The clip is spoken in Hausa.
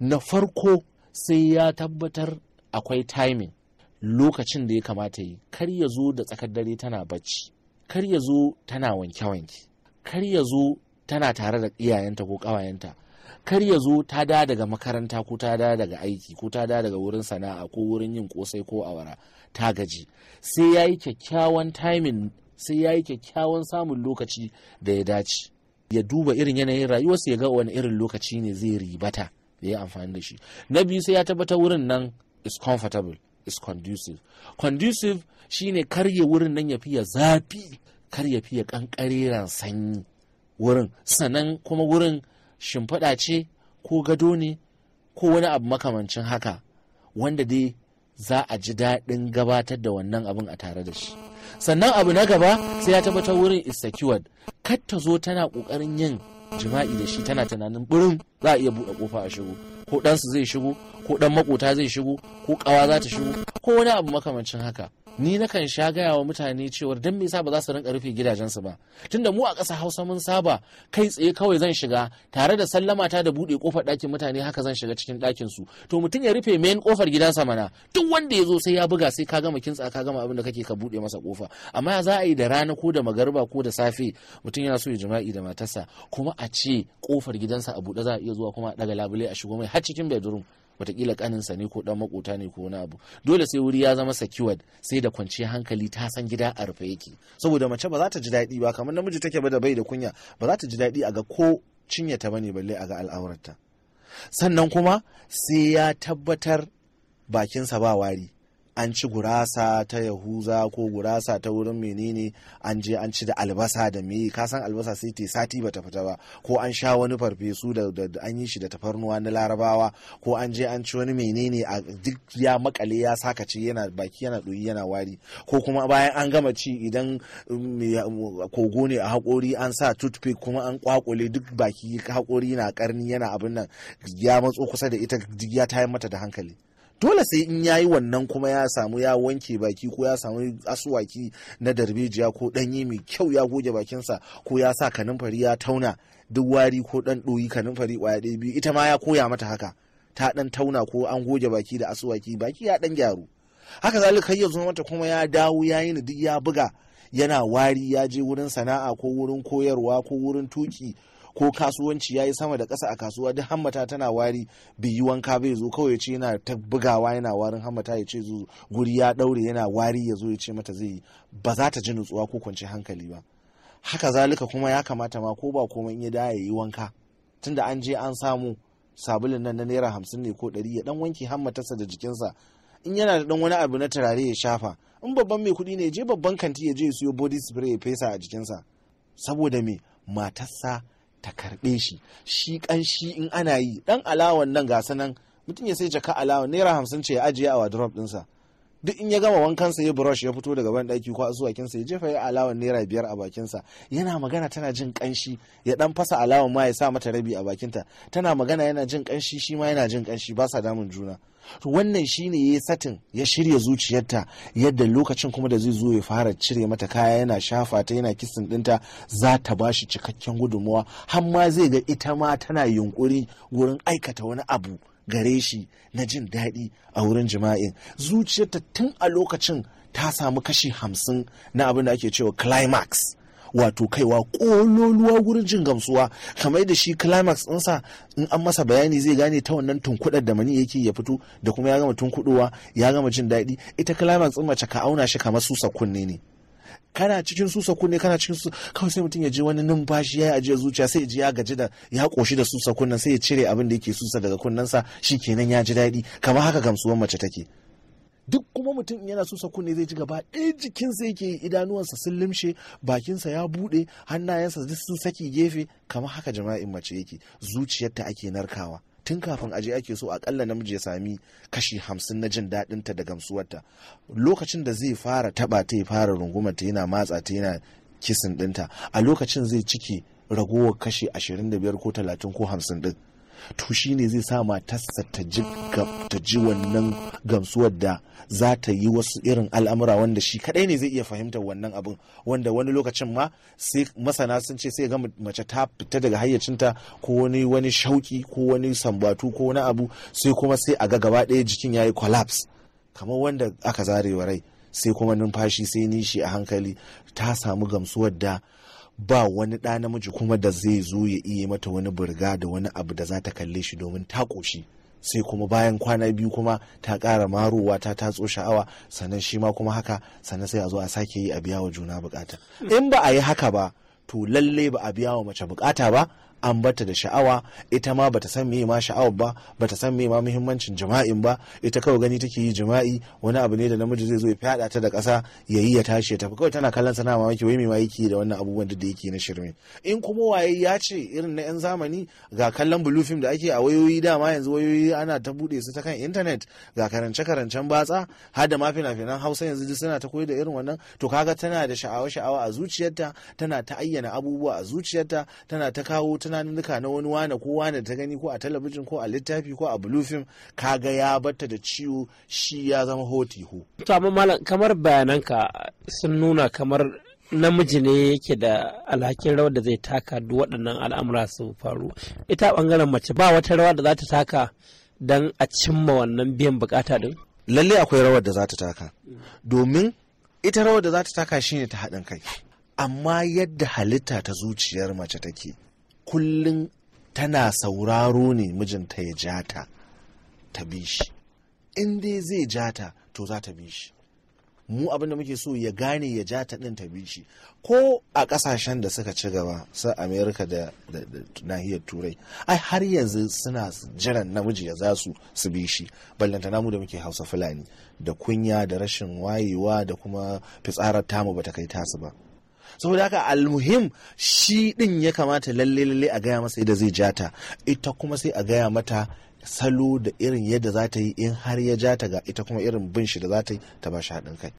na farko sai ya tabbatar akwai timing lokacin da ya kamata yi kar ya zo da tsakar dare tana bacci kar ya zo tana wanke-wanke kar ya zo tana tare da iyayenta ko ƙawayenta kar ya zo ta da daga makaranta ko ta da daga aiki ko ta da daga wurin sana'a ko wurin yin kosai ko awara ta gaji sai ya yi kyakkyawan timing sai ya yi kyakkyawan samun lokaci da ya dace ya duba irin yanayin rayuwarsa ya ga wani irin lokaci ne zai ribata ya yi amfani da shi na biyu sai ya tabbatar wurin nan is comfortable is conducive conducive shine karye wurin nan ya fiye zafi kar ya fiye kankariran sanyi wurin sannan kuma wurin shimfiɗa ce ko gado ne ko wani abu makamancin haka wanda dai za a ji daɗin gabatar da wannan abin a tare da shi sannan abu na gaba sai ya tabbatar wurin is secured kar ta zo tana ƙoƙarin yin jima'i da shi tana tunanin burin za a iya buɗe kofa a shigo ko ɗansu zai shigo ko ɗan makota zai shigo ko ƙawa za ta shigo ko wani abu makamancin haka ni nakan sha gaya wa mutane cewa dan me yasa ba za su rinka rufe gidajensu ba tunda mu a ƙasa hausa mun saba kai tsaye kawai zan shiga tare da sallama ta da buɗe kofar ɗakin mutane haka zan shiga cikin ɗakin su to mutum ya rufe main kofar gidansa mana duk wanda ya zo sai ya buga sai ka gama kintsa ka gama abin da kake ka buɗe masa kofa amma za a yi da rana ko da magarba ko da safe mutum yana so ya jima'i da matarsa kuma a ce kofar gidansa a buɗe za a iya zuwa kuma a ɗaga labule a shigo mai har cikin bedroom watakila kaninsa ne ko dan makota ne ko wani abu dole sai wuri ya zama secured sai da kwanciyar hankali ta san gida a rufe yake saboda mace ba za ta ji daɗi ba kamar namiji take ba da bai da kunya ba za ta ji daɗi a ga ko ta bane balle a ga al'aurarta sannan kuma sai ya tabbatar bakinsa ba wari an ci gurasa ta yahuza ko gurasa ta wurin menene an je an ci da albasa da me ka san albasa sai te sati bata fita ba ko an sha wani farfesu da an yi shi da tafarnuwa na larabawa ko an je an ci wani menene a duk ya makale ya saka ci yana baki yana ɗoyi yana wari ko kuma bayan an gama ci idan um, um, kogo ne a haƙori an sa toothpick kuma an kwakule duk baki haƙori na karni yana abin nan ya matso kusa da ita ya tayar mata da hankali dole sai in ya yi wannan kuma ya samu ya wanke baki ko ya samu asuwaki na darbejiya ko ɗanyi mai kyau ya goge bakinsa ko ya sa kanumfari ya tauna duk wari ko ɗan ɗoyi kanumfari ƙwaya ɗaya biyu ita ma ya koya mata haka ta ɗan tauna ko an goge baki da asuwaki baki ya ɗan gyaru haka zalika ya zo mata kuma ya dawo ya yi duk ya buga yana wari ya je wurin sana'a ko wurin koyarwa ko wurin tuki ko kasuwanci ya yi sama da ƙasa a kasuwa duk hammata tana wari bai yi wanka bai zo kawai ya ce yana ta bugawa yana warin hammata ya ce guri ya ɗaure yana wari ya zo ya ce mata zai yi ba za ta ji nutsuwa ko kwanci hankali ba haka zalika kuma ya kamata ma ko ba komai in ya da ya yi wanka tunda an je an samu sabulin nan na naira hamsin ne ko ɗari ya ɗan wanke hammatarsa da jikinsa in yana da ɗan wani abu na turare ya shafa in babban mai kuɗi ne je babban kanti ya je ya siyo body spray ya fesa a jikinsa saboda me matarsa ta karɓe shi shi ƙanshi in ana yi ɗan alawan nan gasa nan mutum ya sai jaka alawan naira hamsin ce ya ajiye a wardrobe ɗinsa duk in ya gama sa ya brush ya fito daga ban daki ko kinsa ya jefa ya alawar naira biyar a bakinsa yana magana tana jin kanshi ya dan fasa alawar ma ya sa mata rabi a bakinta tana magana yana jin kanshi shi ma yana jin kanshi ba sa damun juna wannan shine ya satin ya shirya zuciyarta yadda lokacin kuma da zai zo ya fara cire mata kaya yana shafa ta yana kisin dinta za ta ba cikakken gudunmawa har ma zai ga ita ma tana yunkuri wurin aikata wani abu gare shi na jin daɗi a wurin jima'in zuciyarta tun a lokacin ta samu kashi hamsin na abin da ake cewa climax wato kaiwa kololuwa wurin jin gamsuwa kamar da shi climax ɗinsa in an masa bayani zai gane ta wannan tunkuɗar da mani yake ya fito da kuma ya gama tunkuɗowa ya gama jin daɗi ita climax ɗin mace ka auna shi kamar susa kunne ne kana cikin susa kunne kana cikin su kawai sai mutum ya ji wani numfashi ya yi ajiye zuciya sai ya ji ya gaji da ya koshi da susa kunnen sai ya cire abin da yake susa daga kunnensa kenan ya ji daɗi kamar haka gamsuwar mace take duk kuma mutum yana susa kunne zai ji gaba ɗaya jikinsa yake idanuwansa sun limshe bakinsa ya buɗe hannayensa duk sun saki gefe kamar haka jama'in mace yake zuciyarta ake narkawa tun kafin aje ake so akalla namiji ya sami kashi hamsin na jin daɗin da gamsuwarta lokacin da zai fara taɓa ta ya fara rungumar ta yana matsa ta yana kisin ɗinta a lokacin zai ciki ragowar kashi ashirin da biyar ko talatin ko hamsin ɗin to shi ne zai sa matarsa ta ji wannan gamsuwar da za ta yi wasu irin al'amura wanda shi kadai ne zai iya fahimtar wannan abin wanda wani lokacin ma sai masana sun ce sai ga mace ta fita daga hayyacinta ko wani wani shauki ko wani sambatu ko wani abu sai kuma sai a ga gaba ɗaya jikin ya yi collapse kamar wanda aka zarewa rai sai kuma numfashi sai nishi a hankali ta samu gamsuwar da ba wani ɗa namiji kuma da zai zo ya iya mata wani burga da wani abu da za ta kalle shi domin ta ƙoshi sai kuma bayan kwana biyu kuma ta ƙara marowa ta tatso sha'awa sannan shi ma kuma haka sannan sai a zo a sake yi a biya wa juna bukata in ba a yi haka ba to lallai ba a biya wa mace bukata ba an bata da sha'awa ita ma bata san me ma sha'awa ba bata san me ma muhimmancin jima'in ba ita kawai gani take yi jima'i wani abu ne da namiji zai zo ya fada ta da ƙasa ya yi ya tashi ya tafi kawai tana kallon sana mamaki wai me ma yake da wannan abubuwan da yake na shirme in kuma waye ya ce irin na yan zamani ga kallon blue film da ake a wayoyi dama yanzu wayoyi ana ta bude su ta kan internet ga karance karancen batsa har da ma fina-finan Hausa yanzu duk suna ta koyi da irin wannan to kaga tana da sha'awa sha'awa a zuciyarta tana ta ayyana abubuwa a zuciyarta tana ta kawo duka na wani wane ko wane ta gani ko a talabijin ko a littafi ko a bulufin kaga ya batta da ciwo shi ya zama hotiho. to amma malam kamar bayananka sun nuna kamar namiji ne yake da alhakin rawar da zai taka duk waɗannan al'amura su faru ita bangaren mace ba wata rawa da za ta taka don a cimma wannan biyan bukata din lalle akwai rawar da za ta taka domin ita rawar da za ta taka shine ta haɗin kai amma yadda halitta ta zuciyar mace take kullum tana sauraro ne mijinta ya ja ta ta bi shi in dai zai ja ta to za ta bi shi mu abin da muke so ya gane ya ja ta ɗin ta bi shi ko a ƙasashen da suka ci gaba su amerika da nahiyar turai ai har yanzu suna jiran namiji ya za su su bi shi ballanta namu da muke hausa fulani da kunya da rashin wayewa da kuma fitsarar tamu ba ta kai tasu ba saboda haka almuhim shi din ya kamata lalle lalle a gaya masa yadda zai jata ita kuma sai a gaya mata salo da irin yadda za ta yi in har ya jata ga ita kuma irin bin shi da za ta yi ta ba shi haɗin kai